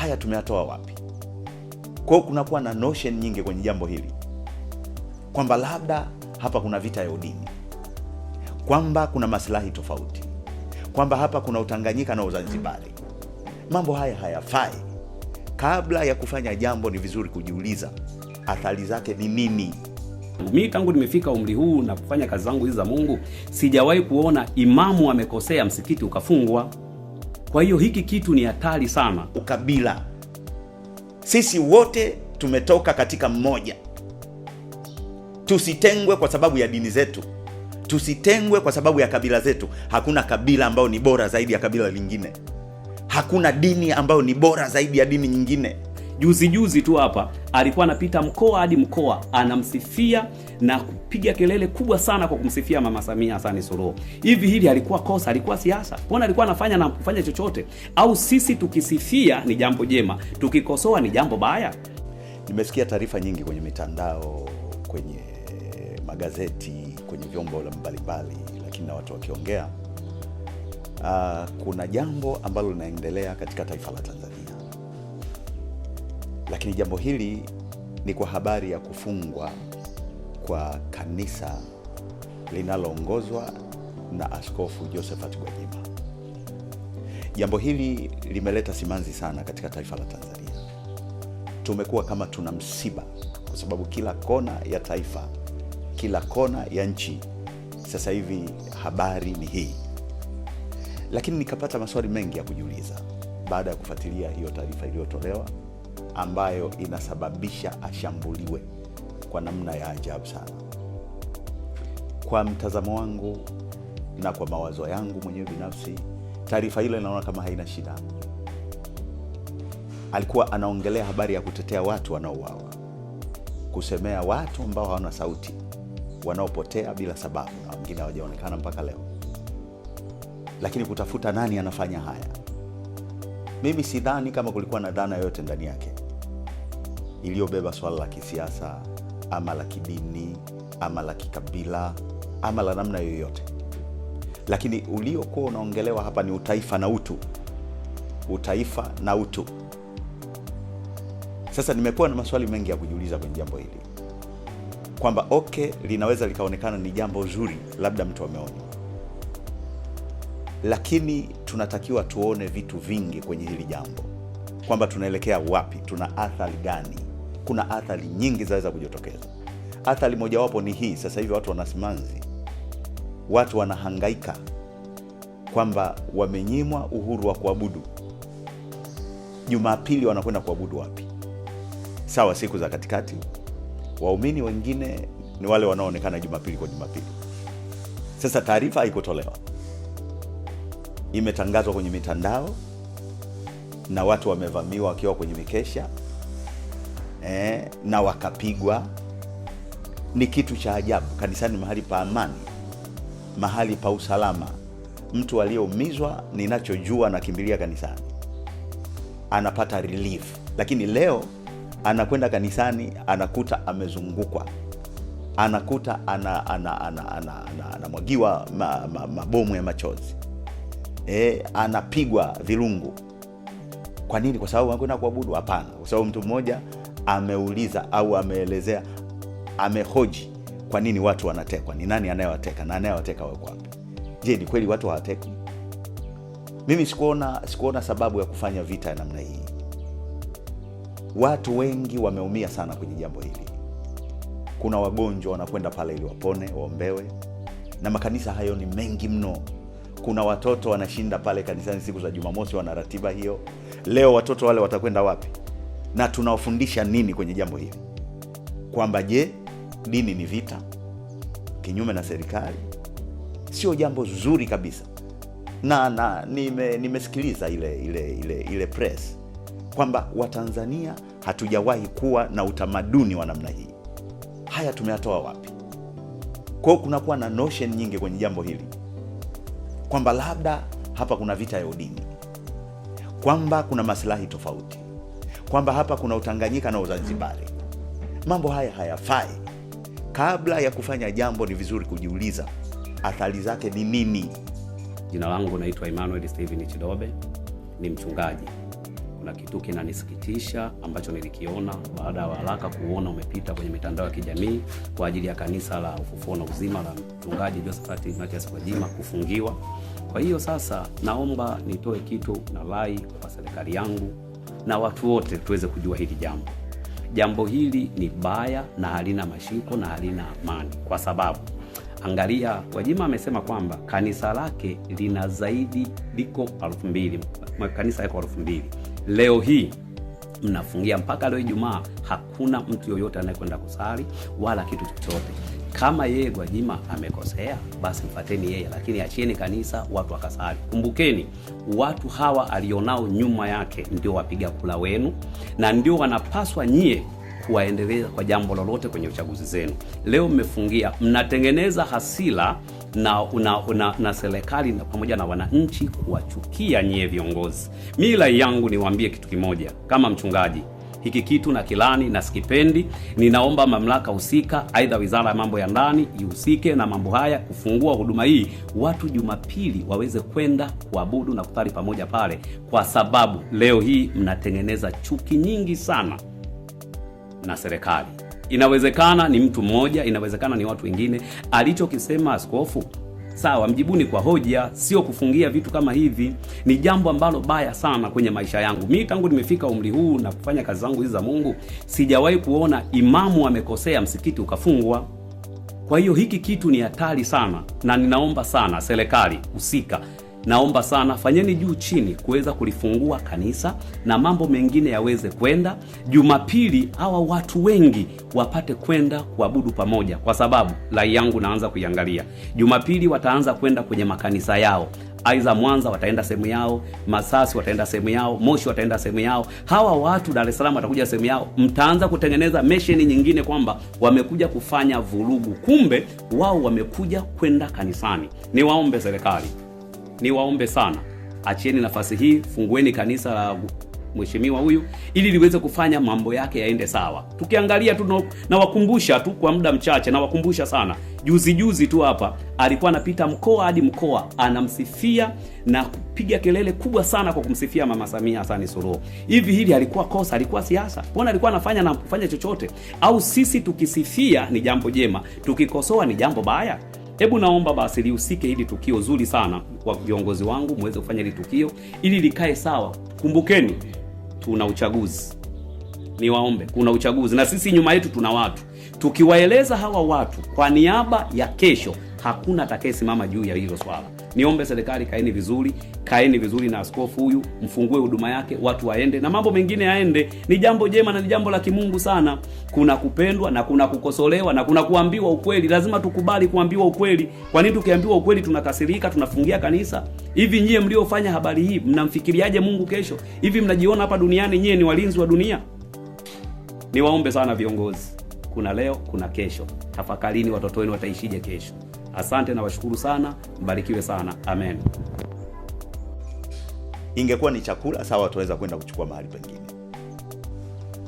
haya tumeyatoa wapi? Kwa hiyo kunakuwa na notion nyingi kwenye jambo hili kwamba labda hapa kuna vita ya udini, kwamba kuna maslahi tofauti, kwamba hapa kuna Utanganyika na Uzanzibari. Mambo haya hayafai. Kabla ya kufanya jambo, ni vizuri kujiuliza athari zake ni nini. Mi tangu nimefika umri huu na kufanya kazi zangu hizi za Mungu, sijawahi kuona imamu amekosea msikiti ukafungwa. Kwa hiyo hiki kitu ni hatari sana. Ukabila, sisi wote tumetoka katika mmoja. Tusitengwe kwa sababu ya dini zetu, tusitengwe kwa sababu ya kabila zetu. Hakuna kabila ambayo ni bora zaidi ya kabila lingine, hakuna dini ambayo ni bora zaidi ya dini nyingine. Juzi juzi tu hapa alikuwa anapita mkoa hadi mkoa anamsifia na kupiga kelele kubwa sana kwa kumsifia Mama Samia hasani Suluhu. Hivi hili alikuwa kosa, alikuwa siasa? Mbona alikuwa anafanya na kufanya chochote? Au sisi tukisifia ni jambo jema, tukikosoa ni jambo baya? Nimesikia taarifa nyingi kwenye mitandao, kwenye magazeti, kwenye vyombo mbalimbali, lakini na watu wakiongea, uh, kuna jambo ambalo linaendelea katika taifa la Tanzania lakini jambo hili ni kwa habari ya kufungwa kwa kanisa linaloongozwa na Askofu Josephat Gwajima. Jambo hili limeleta simanzi sana katika taifa la Tanzania. Tumekuwa kama tuna msiba, kwa sababu kila kona ya taifa, kila kona ya nchi, sasa hivi habari ni hii. Lakini nikapata maswali mengi ya kujiuliza baada ya kufuatilia hiyo taarifa iliyotolewa ambayo inasababisha ashambuliwe kwa namna ya ajabu sana. Kwa mtazamo wangu na kwa mawazo yangu mwenyewe binafsi, taarifa ile inaona kama haina shida. Alikuwa anaongelea habari ya kutetea watu wanaouawa, kusemea watu ambao hawana sauti, wanaopotea bila sababu, na wengine hawajaonekana mpaka leo, lakini kutafuta nani anafanya haya, mimi sidhani kama kulikuwa na dhana yoyote ndani yake iliyobeba swala la kisiasa ama la kidini ama la kikabila ama la namna yoyote, lakini uliokuwa unaongelewa hapa ni utaifa na utu. Utaifa na utu. Sasa nimekuwa na maswali mengi ya kujiuliza kwenye jambo hili kwamba ok linaweza likaonekana ni jambo zuri, labda mtu ameonywa lakini tunatakiwa tuone vitu vingi kwenye hili jambo, kwamba tunaelekea wapi, tuna athari gani kuna athari nyingi zaweza kujitokeza. Athari mojawapo ni hii, sasa hivi watu wanasimanzi, watu wanahangaika kwamba wamenyimwa uhuru wa kuabudu. Jumapili wanakwenda kuabudu wapi? Sawa, siku za katikati waumini wengine ni wale wanaoonekana Jumapili kwa Jumapili. Sasa taarifa haikutolewa, imetangazwa kwenye mitandao na watu wamevamiwa wakiwa kwenye mikesha eh, na wakapigwa. Ni kitu cha ajabu. Kanisani mahali pa amani, mahali pa usalama. Mtu aliyeumizwa, ninachojua anakimbilia kanisani, anapata relief. Lakini leo anakwenda kanisani, anakuta amezungukwa, anakuta anamwagiwa ana, ana, ana, ana, ana, ma, ma, mabomu ya machozi e, anapigwa virungu. Kwa nini? Kwa sababu anakwenda kuabudu? Hapana, kwa sababu mtu mmoja ameuliza au ameelezea, amehoji kwa nini watu wanatekwa, ni nani anayewateka na anayewateka wako wapi? Je, ni kweli watu hawatekwi? Mimi sikuona, sikuona sababu ya kufanya vita ya namna hii. Watu wengi wameumia sana kwenye jambo hili. Kuna wagonjwa wanakwenda pale ili wapone, waombewe, na makanisa hayo ni mengi mno. Kuna watoto wanashinda pale kanisani siku za Jumamosi, wana ratiba hiyo. Leo watoto wale watakwenda wapi? na tunawafundisha nini kwenye jambo hili, kwamba je, dini ni vita kinyume na serikali? Sio jambo zuri kabisa. Na, na nime, nimesikiliza ile, ile, ile, ile press kwamba Watanzania hatujawahi kuwa na utamaduni wa namna hii. Haya tumeyatoa wapi? kwao kunakuwa na notion nyingi kwenye jambo hili kwamba labda hapa kuna vita ya udini, kwamba kuna masilahi tofauti kwamba hapa kuna Utanganyika na Uzanzibari. Mambo haya hayafai. Kabla ya kufanya jambo, ni vizuri kujiuliza athari zake ni nini. Jina langu naitwa Emmanuel Steven Chidobe, ni mchungaji. Kuna kitu kinanisikitisha ambacho nilikiona baada ya waraka kuona umepita kwenye mitandao ya kijamii kwa ajili ya kanisa la Ufufuo na Uzima la mchungaji Josephat Ignatius Gwajima kufungiwa. Kwa hiyo sasa, naomba nitoe kitu na rai kwa serikali yangu na watu wote tuweze kujua hili jambo. Jambo hili ni baya na halina mashiko na halina amani, kwa sababu angalia, Gwajima amesema kwamba kanisa lake lina zaidi liko elfu mbili kanisa yako elfu mbili leo hii mnafungia mpaka leo Ijumaa, hakuna mtu yoyote anayekwenda kusali wala kitu chochote. Kama yeye Gwajima amekosea, basi mfateni yeye, lakini achieni kanisa watu wakasali. Kumbukeni watu hawa alionao nyuma yake ndio wapiga kula wenu na ndio wanapaswa nyie kuwaendeleza kwa jambo lolote kwenye uchaguzi zenu. Leo mmefungia, mnatengeneza hasila na, una, una, na serikali pamoja na wananchi kuwachukia nyie viongozi. Mi rai yangu niwaambie kitu kimoja kama mchungaji hiki kitu na kilani na sikipendi. Ninaomba mamlaka husika, aidha wizara ya mambo ya ndani ihusike na mambo haya, kufungua huduma hii, watu Jumapili waweze kwenda kuabudu na kutari pamoja pale, kwa sababu leo hii mnatengeneza chuki nyingi sana na serikali. Inawezekana ni mtu mmoja, inawezekana ni watu wengine. Alichokisema askofu Sawa, mjibuni kwa hoja, sio kufungia vitu kama hivi. Ni jambo ambalo baya sana kwenye maisha yangu. Mi tangu nimefika umri huu na kufanya kazi zangu hizi za Mungu, sijawahi kuona imamu amekosea msikiti ukafungwa. Kwa hiyo hiki kitu ni hatari sana, na ninaomba sana serikali husika Naomba sana fanyeni juu chini kuweza kulifungua kanisa na mambo mengine yaweze kwenda. Jumapili hawa watu wengi wapate kwenda kuabudu pamoja, kwa sababu rai yangu naanza kuiangalia. Jumapili wataanza kwenda kwenye makanisa yao Aiza Mwanza wataenda sehemu yao, Masasi wataenda sehemu yao, Moshi wataenda sehemu yao, hawa watu Dar es Salaam watakuja sehemu yao. Mtaanza kutengeneza mesheni nyingine kwamba wamekuja kufanya vurugu, kumbe wao wamekuja kwenda kanisani. Niwaombe serikali niwaombe sana, achieni nafasi hii, fungueni kanisa la mheshimiwa huyu ili liweze kufanya mambo yake yaende sawa. Tukiangalia tu, nawakumbusha tu kwa muda mchache, nawakumbusha sana. Juzi juzi tu hapa alikuwa anapita mkoa hadi mkoa anamsifia na kupiga kelele kubwa sana kwa kumsifia Mama Samia Hassan Suluhu. Hivi hili alikuwa kosa? Alikuwa siasa? Mbona alikuwa anafanya na kufanya chochote? Au sisi tukisifia ni jambo jema, tukikosoa ni jambo baya? Hebu naomba basi lihusike hili tukio zuri sana kwa viongozi wangu, muweze kufanya hili tukio ili likae sawa. Kumbukeni tuna uchaguzi, niwaombe, kuna uchaguzi na sisi nyuma yetu tuna watu. Tukiwaeleza hawa watu kwa niaba ya kesho hakuna atakayesimama juu ya hilo swala. Niombe serikali, kaeni vizuri, kaeni vizuri na askofu huyu, mfungue huduma yake, watu waende na mambo mengine yaende. Ni jambo jema na ni jambo la kimungu sana. Kuna kupendwa na kuna kukosolewa na kuna kuambiwa ukweli. Lazima tukubali kuambiwa ukweli. Kwa nini tukiambiwa ukweli tunakasirika, tunafungia kanisa? Hivi nyie mliofanya habari hii mnamfikiriaje Mungu kesho? Hivi mnajiona hapa duniani nyie ni walinzi wa dunia? Niwaombe sana viongozi, kuna leo, kuna kesho. Tafakarini watoto wenu wataishije kesho. Asante na washukuru sana, mbarikiwe sana, amen. Ingekuwa ni chakula sawa, tuweza kwenda kuchukua mahali pengine,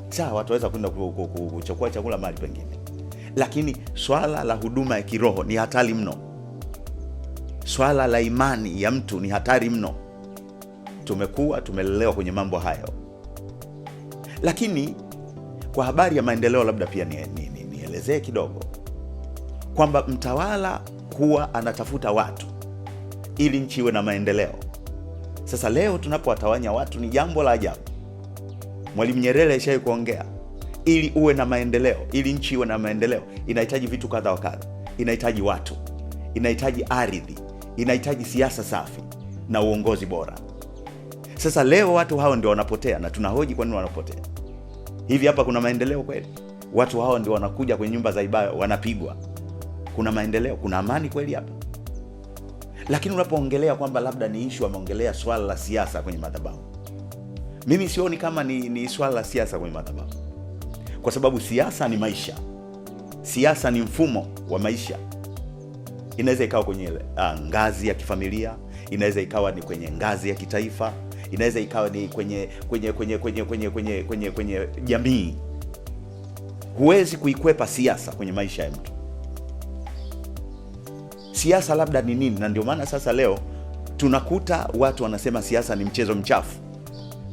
sawa, tuweza kwenda kuchukua chakula mahali pengine, lakini swala la huduma ya kiroho ni hatari mno. Swala la imani ya mtu ni hatari mno. Tumekuwa tumelelewa kwenye mambo hayo, lakini kwa habari ya maendeleo, labda pia nielezee ni, ni, ni kidogo kwamba mtawala huwa anatafuta watu ili nchi iwe na maendeleo. Sasa leo tunapowatawanya watu ni jambo la ajabu. Mwalimu Nyerere alishawahi kuongea, ili uwe na maendeleo, ili nchi iwe na maendeleo inahitaji vitu kadha wa kadha. Inahitaji watu, inahitaji ardhi, inahitaji siasa safi na uongozi bora. Sasa leo watu hao ndio wanapotea, na tunahoji kwa nini wanapotea. Hivi hapa kuna maendeleo kweli? Watu hao ndio wanakuja kwenye nyumba za ibada wanapigwa kuna maendeleo, kuna amani kweli hapa? Lakini unapoongelea kwamba labda ni ishu, ameongelea swala la siasa kwenye madhabahu, mimi sioni kama ni, ni swala la siasa kwenye madhabahu, kwa sababu siasa ni maisha, siasa ni mfumo wa maisha. Inaweza ikawa kwenye uh, ngazi ya kifamilia, inaweza ikawa ni kwenye ngazi ya kitaifa, inaweza ikawa ni kwenye kwenye kwenye kwenye kwenye kwenye kwenye kwenye jamii. Huwezi kuikwepa siasa kwenye maisha ya mtu siasa labda ni nini, na ndio maana sasa leo tunakuta watu wanasema siasa ni mchezo mchafu.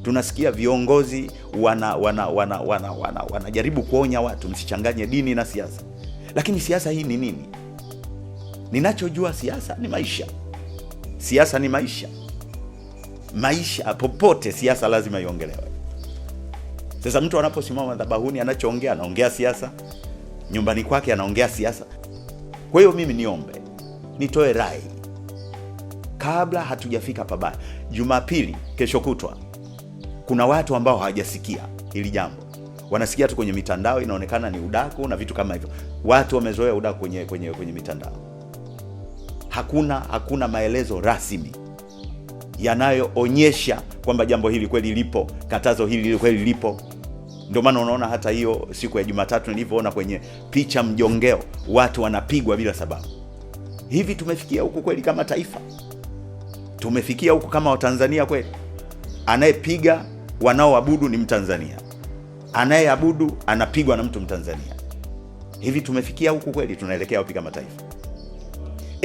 Tunasikia viongozi wanajaribu wana, wana, wana, wana, wana kuonya watu msichanganye dini na siasa, lakini siasa hii ni nini? Ninachojua siasa ni maisha. Siasa ni maisha, maisha popote, siasa lazima iongelewe. Sasa mtu anaposimama madhabahuni, anachoongea anaongea siasa, nyumbani kwake anaongea siasa. Kwa hiyo mimi niombe nitoe rai kabla hatujafika pabaya. Jumapili kesho kutwa, kuna watu ambao hawajasikia hili jambo, wanasikia tu kwenye mitandao, inaonekana ni udaku na vitu kama hivyo. Watu wamezoea udaku kwenye, kwenye, kwenye mitandao. Hakuna, hakuna maelezo rasmi yanayoonyesha kwamba jambo hili kweli lipo, katazo hili kweli lipo. Ndio maana unaona hata hiyo siku ya Jumatatu nilivyoona kwenye picha mjongeo, watu wanapigwa bila sababu. Hivi tumefikia huku kweli kama taifa? Tumefikia huku kama Watanzania kweli? Anayepiga wanaoabudu ni Mtanzania, anayeabudu anapigwa na mtu Mtanzania. Hivi tumefikia huku kweli? Tunaelekea wapi kama taifa?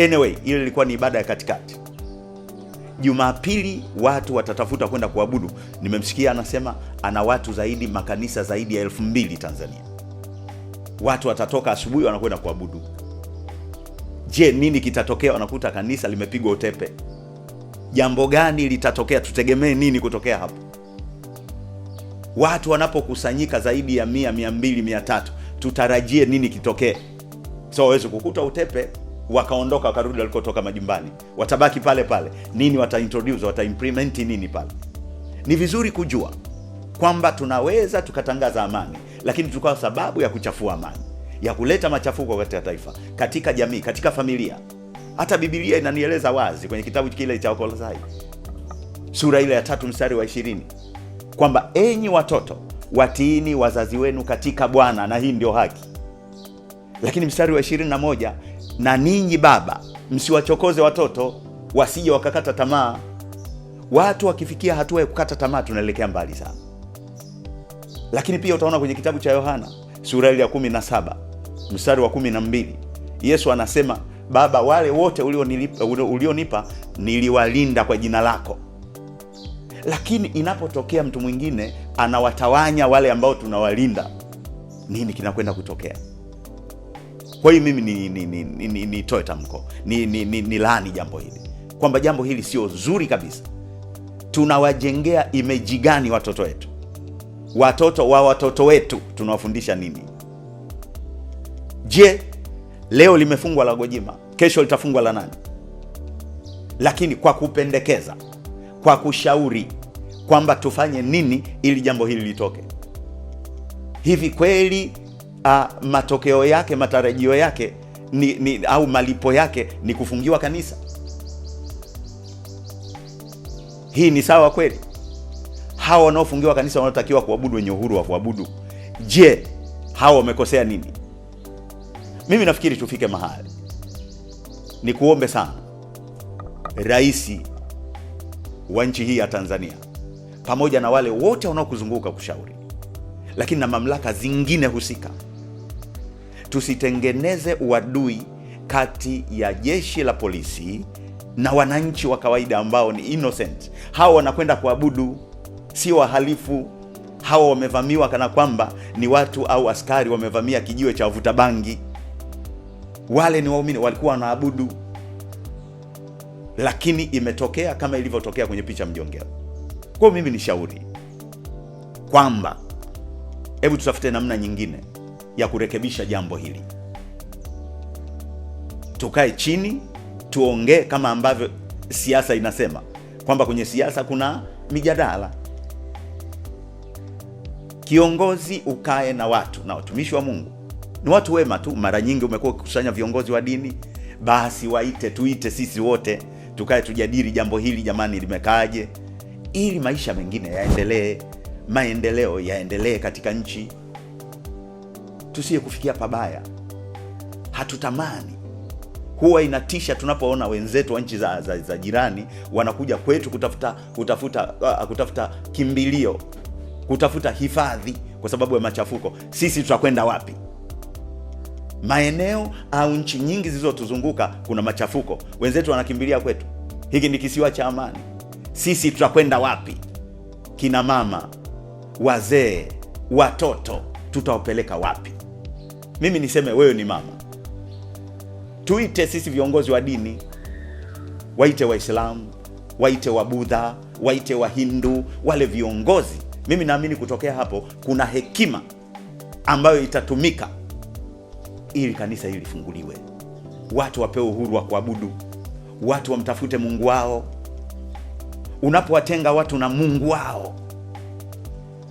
Anyway, ile ilikuwa ni ibada ya katikati. Jumapili watu watatafuta kwenda kuabudu. Nimemsikia anasema ana watu zaidi, makanisa zaidi ya elfu mbili Tanzania. Watu watatoka asubuhi wanakwenda kuabudu. Je, nini kitatokea? Wanakuta kanisa limepigwa utepe. Jambo gani litatokea? Tutegemee nini kutokea hapo? Watu wanapokusanyika zaidi ya mia, mia mbili, mia tatu, tutarajie nini kitokee? So wawezi kukuta utepe wakaondoka wakarudi walikotoka majumbani, watabaki pale pale. Nini wataintroduce, wataimplement nini pale? Ni vizuri kujua kwamba tunaweza tukatangaza amani, lakini tukawa sababu ya kuchafua amani ya kuleta machafuko katika taifa, katika jamii, katika familia. Hata Biblia inanieleza wazi kwenye kitabu kile cha Wakolosai sura ile ya tatu mstari wa ishirini kwamba enyi watoto watiini wazazi wenu katika Bwana, na hii ndio haki. Lakini mstari wa ishirini na moja na ninyi baba msiwachokoze watoto wasije wakakata tamaa. Watu wakifikia hatua ya kukata tamaa, tunaelekea mbali sana. Lakini pia utaona kwenye kitabu cha Yohana sura ile ya kumi na saba mstari wa kumi na mbili Yesu anasema Baba, wale wote ulionipa ulio niliwalinda kwa jina lako. Lakini inapotokea mtu mwingine anawatawanya wale ambao tunawalinda, nini kinakwenda kutokea? Kwa hiyo mimi nitoe ni, ni, ni, ni, ni tamko ni, ni, ni, ni laani jambo hili kwamba jambo hili sio zuri kabisa. Tunawajengea imeji gani watoto wetu? Watoto wa watoto wetu tunawafundisha nini? Je, leo limefungwa la Gwajima, kesho litafungwa la nani? Lakini kwa kupendekeza, kwa kushauri kwamba tufanye nini ili jambo hili litoke. Hivi kweli uh, matokeo yake, matarajio yake ni, ni, au malipo yake ni kufungiwa kanisa? Hii ni sawa kweli? Hawa wanaofungiwa kanisa wanaotakiwa kuabudu, wenye uhuru wa kuabudu, je, hawa wamekosea nini? Mimi nafikiri tufike mahali, nikuombe sana rais wa nchi hii ya Tanzania pamoja na wale wote wanaokuzunguka kushauri, lakini na mamlaka zingine husika, tusitengeneze uadui kati ya jeshi la polisi na wananchi wa kawaida ambao ni innocent. Hawa wanakwenda kuabudu, sio wahalifu. Hawa wamevamiwa kana kwamba ni watu au askari wamevamia kijiwe cha wavuta bangi wale ni waumini walikuwa wanaabudu, lakini imetokea kama ilivyotokea kwenye picha mjongeo. Kwa mimi ni shauri kwamba hebu tutafute namna nyingine ya kurekebisha jambo hili, tukae chini tuongee, kama ambavyo siasa inasema kwamba kwenye siasa kuna mijadala. Kiongozi ukae na watu na watumishi wa Mungu ni watu wema tu. Mara nyingi umekuwa ukikusanya viongozi wa dini, basi waite, tuite sisi wote tukae tujadili jambo hili, jamani, limekaaje, ili maisha mengine yaendelee, maendeleo yaendelee katika nchi, tusiye kufikia pabaya. Hatutamani, huwa inatisha tunapoona wenzetu wa nchi za, za, za jirani wanakuja kwetu kutafuta kutafuta uh, kutafuta kimbilio, kutafuta hifadhi kwa sababu ya machafuko. Sisi tutakwenda wapi? maeneo au nchi nyingi zilizotuzunguka kuna machafuko, wenzetu wanakimbilia kwetu. Hiki ni kisiwa cha amani, sisi tutakwenda wapi? Kina mama, wazee, watoto tutawapeleka wapi? Mimi niseme, wewe ni mama, tuite sisi viongozi wa dini, waite Waislamu, waite Wabudha, waite Wahindu, wale viongozi. Mimi naamini kutokea hapo kuna hekima ambayo itatumika ili kanisa hili lifunguliwe, watu wapewe uhuru wa kuabudu, watu wamtafute Mungu wao. Unapowatenga watu na Mungu wao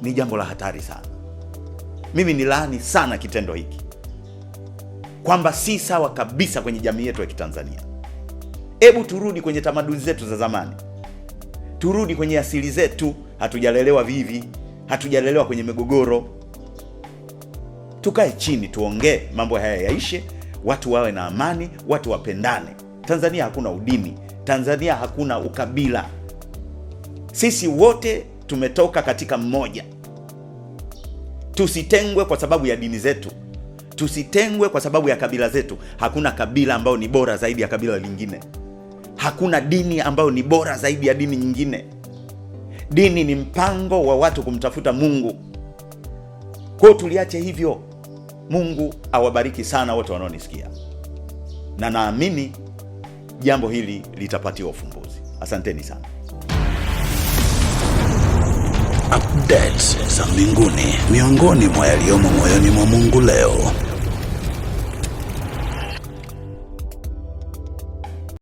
ni jambo la hatari sana. Mimi ni laani sana kitendo hiki, kwamba si sawa kabisa kwenye jamii yetu ya Kitanzania. Hebu turudi kwenye tamaduni zetu za zamani, turudi kwenye asili zetu. Hatujalelewa vivi, hatujalelewa kwenye migogoro, tukae chini tuongee mambo haya yaishe, watu wawe na amani, watu wapendane. Tanzania hakuna udini, Tanzania hakuna ukabila. Sisi wote tumetoka katika mmoja. Tusitengwe kwa sababu ya dini zetu, tusitengwe kwa sababu ya kabila zetu. Hakuna kabila ambayo ni bora zaidi ya kabila lingine, hakuna dini ambayo ni bora zaidi ya dini nyingine. Dini ni mpango wa watu kumtafuta Mungu. Kwao tuliache hivyo. Mungu awabariki sana wote wanaonisikia, na naamini jambo hili litapatiwa ufumbuzi. Asanteni sana. Updates za mbinguni, miongoni mwa yaliyomo moyoni mwa Mungu leo.